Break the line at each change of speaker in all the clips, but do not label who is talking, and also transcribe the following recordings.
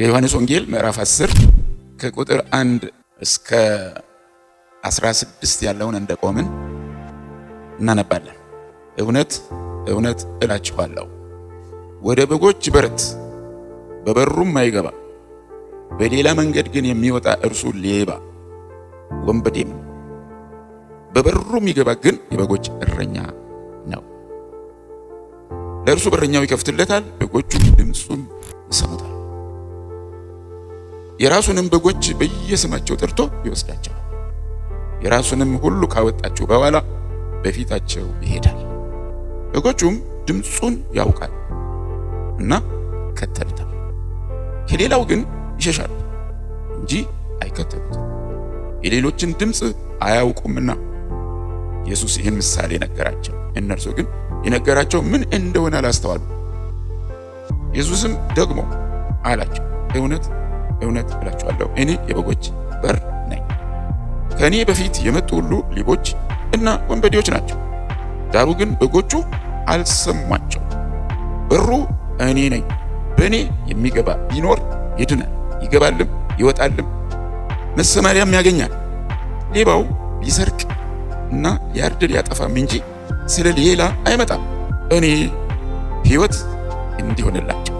የዮሐንስ ወንጌል ምዕራፍ 10 ከቁጥር 1 እስከ 16 ያለውን እንደቆምን እናነባለን። እውነት እውነት እላችኋለሁ ወደ በጎች በረት በበሩም አይገባ በሌላ መንገድ ግን የሚወጣ እርሱ ሌባ ወንበዴም በበሩ የሚገባ ግን የበጎች እረኛ ነው። ለእርሱ በረኛው ይከፍትለታል፣ በጎቹ ድምፁን ይሰሙታል። የራሱንም በጎች በየስማቸው ጠርቶ ይወስዳቸዋል። የራሱንም ሁሉ ካወጣቸው በኋላ በፊታቸው ይሄዳል። በጎቹም ድምፁን ያውቃል እና ይከተሉታል። ከሌላው ግን ይሸሻሉ እንጂ አይከተሉትም፣ የሌሎችን ድምፅ አያውቁምና። ኢየሱስ ይህን ምሳሌ ነገራቸው። እነርሱ ግን የነገራቸው ምን እንደሆነ አላስተዋሉ። ኢየሱስም ደግሞ አላቸው እውነት እውነት እላችኋለሁ እኔ የበጎች በር ነኝ። ከእኔ በፊት የመጡ ሁሉ ሌቦች እና ወንበዴዎች ናቸው፣ ዳሩ ግን በጎቹ አልሰሟቸው። በሩ እኔ ነኝ። በእኔ የሚገባ ቢኖር ይድናል፣ ይገባልም ይወጣልም መሰማሪያም ያገኛል። ሌባው ሊሰርቅ እና ሊያርድ ሊያጠፋም እንጂ ስለ ሌላ አይመጣም። እኔ ሕይወት እንዲሆንላቸው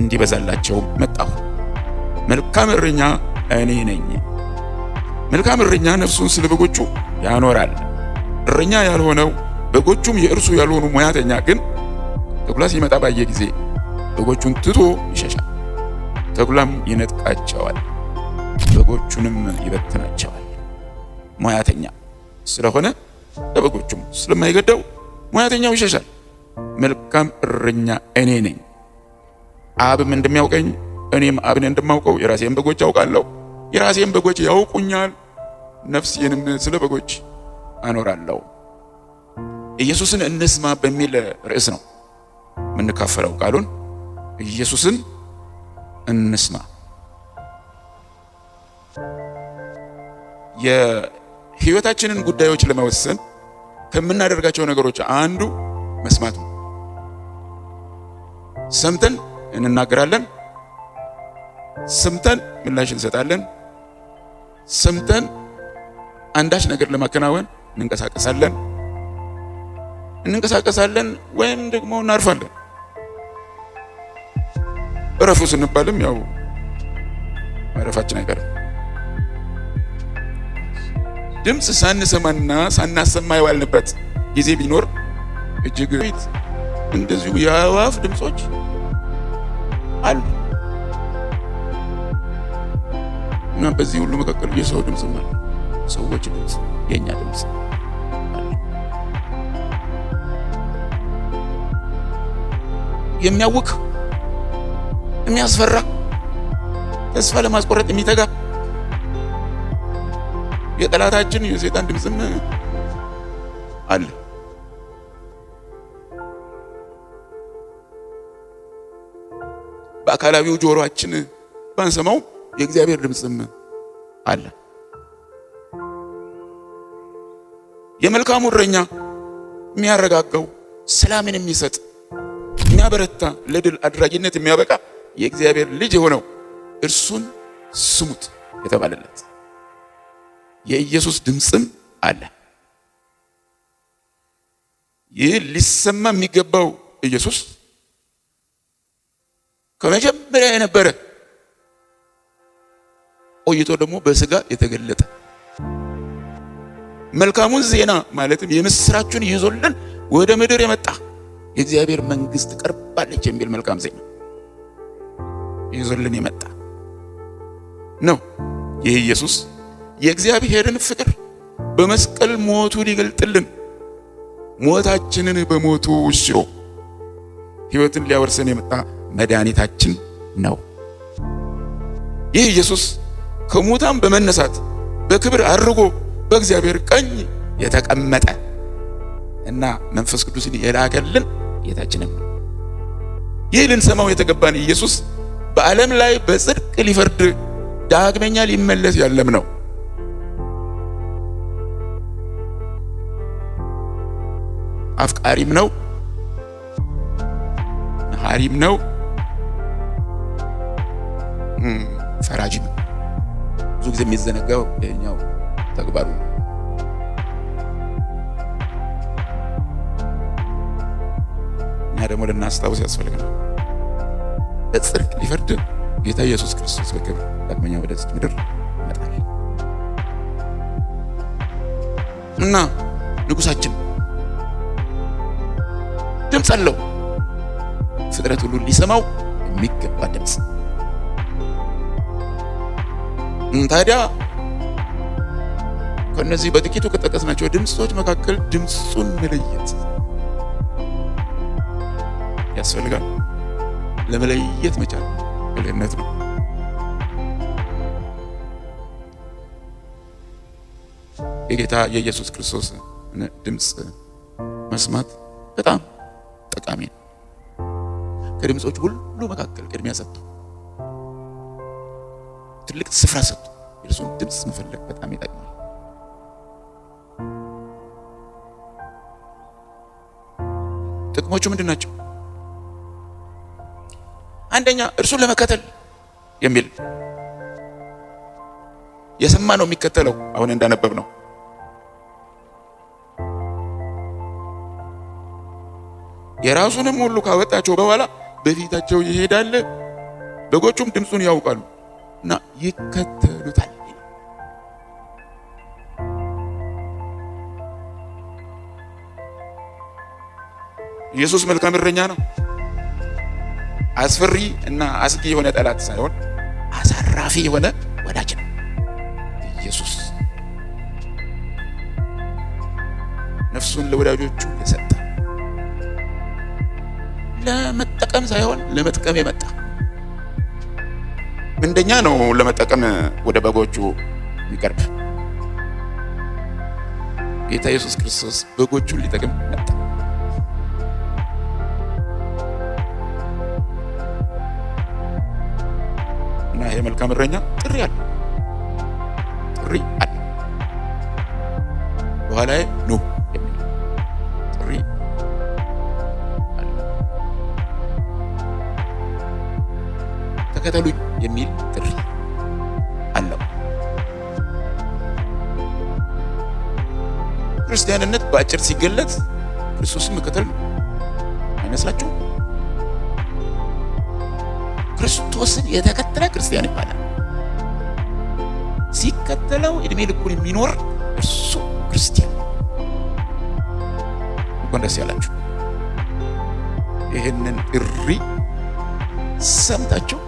እንዲበዛላቸውም መጣሁ። መልካም እረኛ እኔ ነኝ። መልካም እረኛ ነፍሱን ስለ በጎቹ ያኖራል። እረኛ ያልሆነው በጎቹም የእርሱ ያልሆኑ ሙያተኛ ግን ተኩላ ሲመጣ ባየ ጊዜ በጎቹን ትቶ ይሸሻል። ተኩላም ይነጥቃቸዋል፣ በጎቹንም ይበትናቸዋል። ሙያተኛ ስለሆነ ለበጎቹም ስለማይገደው ሙያተኛው ይሸሻል። መልካም እረኛ እኔ ነኝ፣ አብም እንደሚያውቀኝ እኔም አብን እንደማውቀው የራሴን በጎች አውቃለሁ፣ የራሴን በጎች ያውቁኛል፣ ነፍሴንም ስለ በጎች አኖራለሁ። ኢየሱስን እንስማ በሚል ርዕስ ነው የምንካፈለው ቃሉን። ኢየሱስን እንስማ። የህይወታችንን ጉዳዮች ለመወሰን ከምናደርጋቸው ነገሮች አንዱ መስማት ነው። ሰምተን እንናገራለን ሰምተን ምላሽ እንሰጣለን። ሰምተን አንዳች ነገር ለማከናወን እንንቀሳቀሳለን እንንቀሳቀሳለን ወይም ደግሞ እናርፋለን። እረፉ ስንባልም ያው ማረፋችን አይቀርም። ድምፅ ሳንሰማና ሳናሰማ የዋልንበት ጊዜ ቢኖር እጅግ እንደዚሁ የአእዋፍ ድምፆች እና በዚህ ሁሉ መካከል የሰው ድምፅ ነው፣ ሰዎች ድምፅ፣ የእኛ ድምፅ የሚያውክ የሚያስፈራ ተስፋ ለማስቆረጥ የሚተጋ የጠላታችን የሰይጣን ድምፅም አለ። በአካላዊው ጆሮአችን ባንሰማው የእግዚአብሔር ድምፅም አለ። የመልካሙ እረኛ የሚያረጋጋው ሰላምን የሚሰጥ የሚያበረታ ለድል አድራጊነት የሚያበቃ የእግዚአብሔር ልጅ የሆነው እርሱን ስሙት የተባለለት የኢየሱስ ድምፅም አለ። ይህ ሊሰማ የሚገባው ኢየሱስ ከመጀመሪያ የነበረ ቆይቶ ደግሞ በስጋ የተገለጠ መልካሙን ዜና ማለትም የምስራችን ይዞልን ወደ ምድር የመጣ የእግዚአብሔር መንግስት ቀርባለች የሚል መልካም ዜና ይዞልን የመጣ ነው። ይህ ኢየሱስ የእግዚአብሔርን ፍቅር በመስቀል ሞቱ ሊገልጥልን ሞታችንን በሞቱ ሽሮ ሕይወትን ሊያወርሰን የመጣ መድኃኒታችን ነው። ይህ ኢየሱስ ከሙታን በመነሳት በክብር አድርጎ በእግዚአብሔር ቀኝ የተቀመጠ እና መንፈስ ቅዱስን የላከልን ጌታችንም ነው። ይህ ልንሰማው የተገባን ኢየሱስ በዓለም ላይ በጽድቅ ሊፈርድ ዳግመኛ ሊመለስ ያለም ነው። አፍቃሪም ነው፣ መሐሪም ነው፣ ፈራጅም ጊዜ የሚዘነጋው ይሄኛው ተግባሩ እኛ ደግሞ ልናስታውስ ያስፈልጋል። በጽድቅ ሊፈርድ ጌታ ኢየሱስ ክርስቶስ በክብር ዳግመኛ ወደዚህ ምድር ይመጣል እና ንጉሳችን ድምፅ አለው። ፍጥረት ሁሉ ሊሰማው የሚገባ ድምፅ ታዲያ ከነዚህ በጥቂቱ ከጠቀስናቸው ድምፆች መካከል ድምፁን መለየት ያስፈልጋል። ለመለየት መቻል ብልህነት ነው። የጌታ የኢየሱስ ክርስቶስ ድምፅ መስማት በጣም ጠቃሚ ነው። ከድምፆች ሁሉ መካከል ቅድሚያ ሰጥቶ ትልቅ ስፍራ ሰጡ። የእርሱን ድምፅ መፈለግ በጣም ይጠቅማል። ጥቅሞቹ ምንድን ናቸው? አንደኛ እርሱን ለመከተል የሚል የሰማ ነው የሚከተለው። አሁን እንዳነበብ ነው የራሱንም ሁሉ ካወጣቸው በኋላ በፊታቸው ይሄዳል፣ በጎቹም ድምፁን ያውቃሉ። እና ይከተሉታል። ኢየሱስ መልካም እረኛ ነው። አስፈሪ እና አስጊ የሆነ ጠላት ሳይሆን አሳራፊ የሆነ ወዳጅ ነው ኢየሱስ። ነፍሱን ለወዳጆቹ የሰጠ ለመጠቀም ሳይሆን ለመጥቀም የመጣ ምንደኛ ነው ለመጠቀም ወደ በጎቹ የሚቀርብ ጌታ ኢየሱስ ክርስቶስ በጎቹን ሊጠቅም መጣ። እና ይሄ መልካም እረኛ ጥሪ አለ፣ ጥሪ አለ። በኋላ ኑ የሚል ጥሪ ተከተሉኝ የሚል ጥሪ አለው። ክርስቲያንነት በአጭር ሲገለጥ ክርስቶስን መከተል አይመስላችሁ? ክርስቶስን የተከተለ ክርስቲያን ይባላል። ሲከተለው እድሜ ልኩን የሚኖር እርሱ ክርስቲያን። እንኳን ደስ ያላችሁ። ይህንን እሪ ሰምታችሁ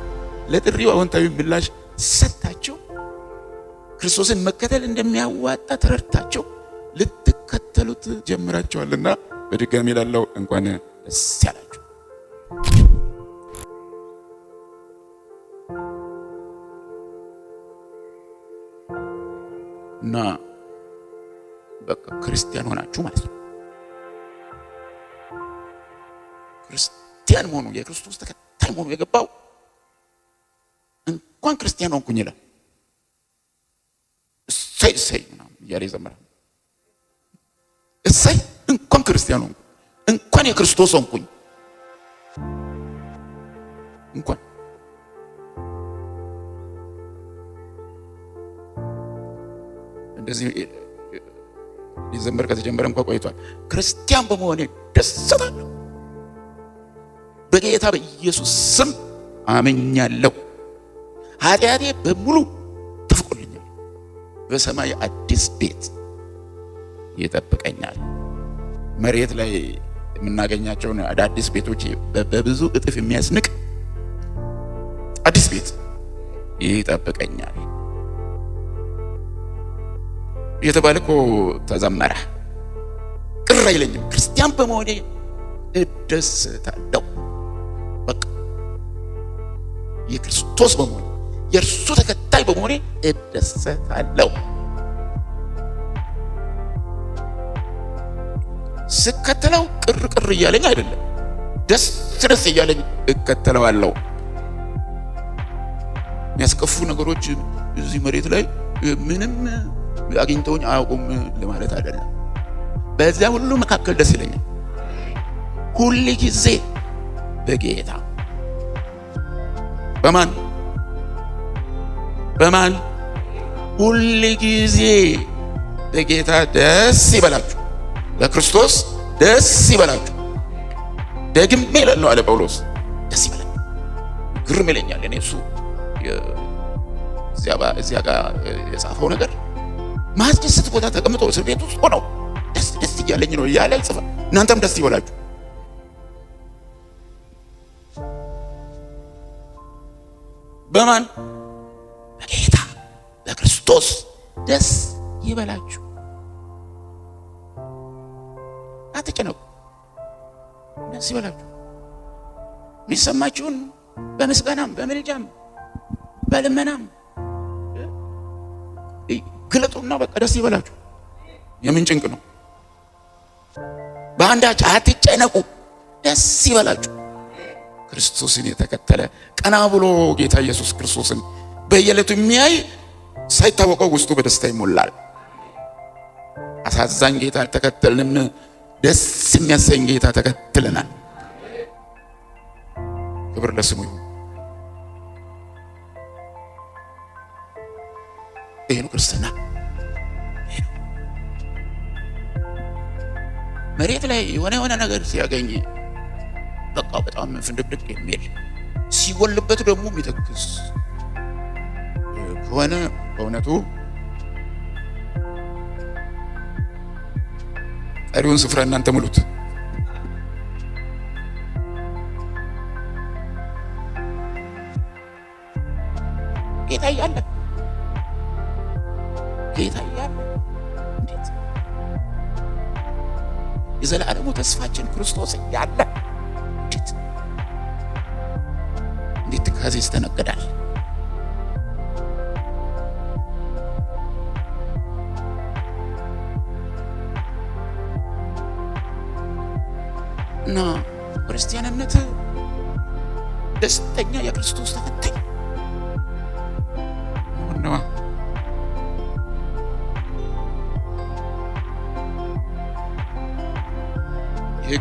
ለጥሪው አዎንታዊ ምላሽ ሰጥታችሁ ክርስቶስን መከተል እንደሚያዋጣ ተረርታቸው ልትከተሉት ጀምራቸዋልና በድጋሚ ላለው እንኳን ደስ ያላችሁ። እና በቃ ክርስቲያን ሆናችሁ ማለት ነው። ክርስቲያን መሆኑ የክርስቶስ ተከታይ መሆኑ የገባው እንኳን ክርስቲያን ሆንኩኝ ይላል። እሰይ እሰይ እያለ ይዘምራል። እሰይ እንኳን ክርስቲያን ሆንኩኝ፣ እንኳን የክርስቶስ ሆንኩኝ፣ እንኳን እንደዚህ ሊዘመር ከተጀመረ እንኳ ቆይቷል። ክርስቲያን በመሆኔ ደስታለሁ። በጌታ በኢየሱስ ስም አመኛለሁ። ኃጢአቴ በሙሉ ተፍቆልኛል። በሰማይ አዲስ ቤት ይጠብቀኛል። መሬት ላይ የምናገኛቸውን አዳዲስ ቤቶች በብዙ እጥፍ የሚያስንቅ አዲስ ቤት ይጠብቀኛል የተባልኮ እኮ ተዘመረ። ቅር አይለኝም። ክርስቲያን በመሆኔ እደሰታለሁ። በቃ የክርስቶስ በመሆኔ የእርሱ ተከታይ በመሆኔ እደሰታለሁ። ስከተለው ቅር ቅር እያለኝ አይደለም፣ ደስ ደስ እያለኝ እከተለዋለሁ። የሚያስከፉ ነገሮች እዚህ መሬት ላይ ምንም አግኝተውኝ አያውቁም ለማለት አይደለም። በዚያ ሁሉ መካከል ደስ ይለኛል። ሁል ጊዜ በጌታ በማን በማን ሁል ጊዜ በጌታ ደስ ይበላችሁ፣ በክርስቶስ ደስ ይበላችሁ። ደግሜ ይላል ነው አለ ጳውሎስ። ደስ ይበላል ግርም ይለኛል። እኔ እሱ እዚያ ጋር የጻፈው ነገር ማስደስት ቦታ ተቀምጦ እስር ቤት ውስጥ ሆነው ደስ ደስ እያለኝ ነው እያለ ይጽፋል። እናንተም ደስ ይበላችሁ። በማን ክርስቶስ ደስ ይበላችሁ። አትጨነቁ፣ ደስ ይበላችሁ። የሚሰማችሁን በምስጋናም በምልጃም በልመናም ግለጡና በቃ ደስ ይበላችሁ። የምን ጭንቅ ነው? በአንዳች አትጨነቁ፣ ደስ ይበላችሁ። ክርስቶስን የተከተለ ቀና ብሎ ጌታ ኢየሱስ ክርስቶስን በየዕለቱ የሚያይ ሳይታወቀው ውስጡ በደስታ ይሞላል። አሳዛኝ ጌታ አልተከተልንም። ደስ የሚያሰኝ ጌታ ተከትለናል። ክብር ለስሙ ይሁን። ይህ ነው ክርስትና። መሬት ላይ የሆነ የሆነ ነገር ሲያገኝ በቃ በጣም ፍንድቅድቅ የሚል ሲጎልበት ደግሞ የሚተክስ ከሆነ በእውነቱ ቀሪውን ስፍራ እናንተ ሙሉት። ጌታ እያለ ጌታ እያለ እንዴት የዘላለሙ ተስፋችን ክርስቶስ እያለ እንዴት እንዴት ትካዜ ይስተነገዳል? እና ክርስቲያን እምነት ደስተኛ የክርስቶስ ተከታይ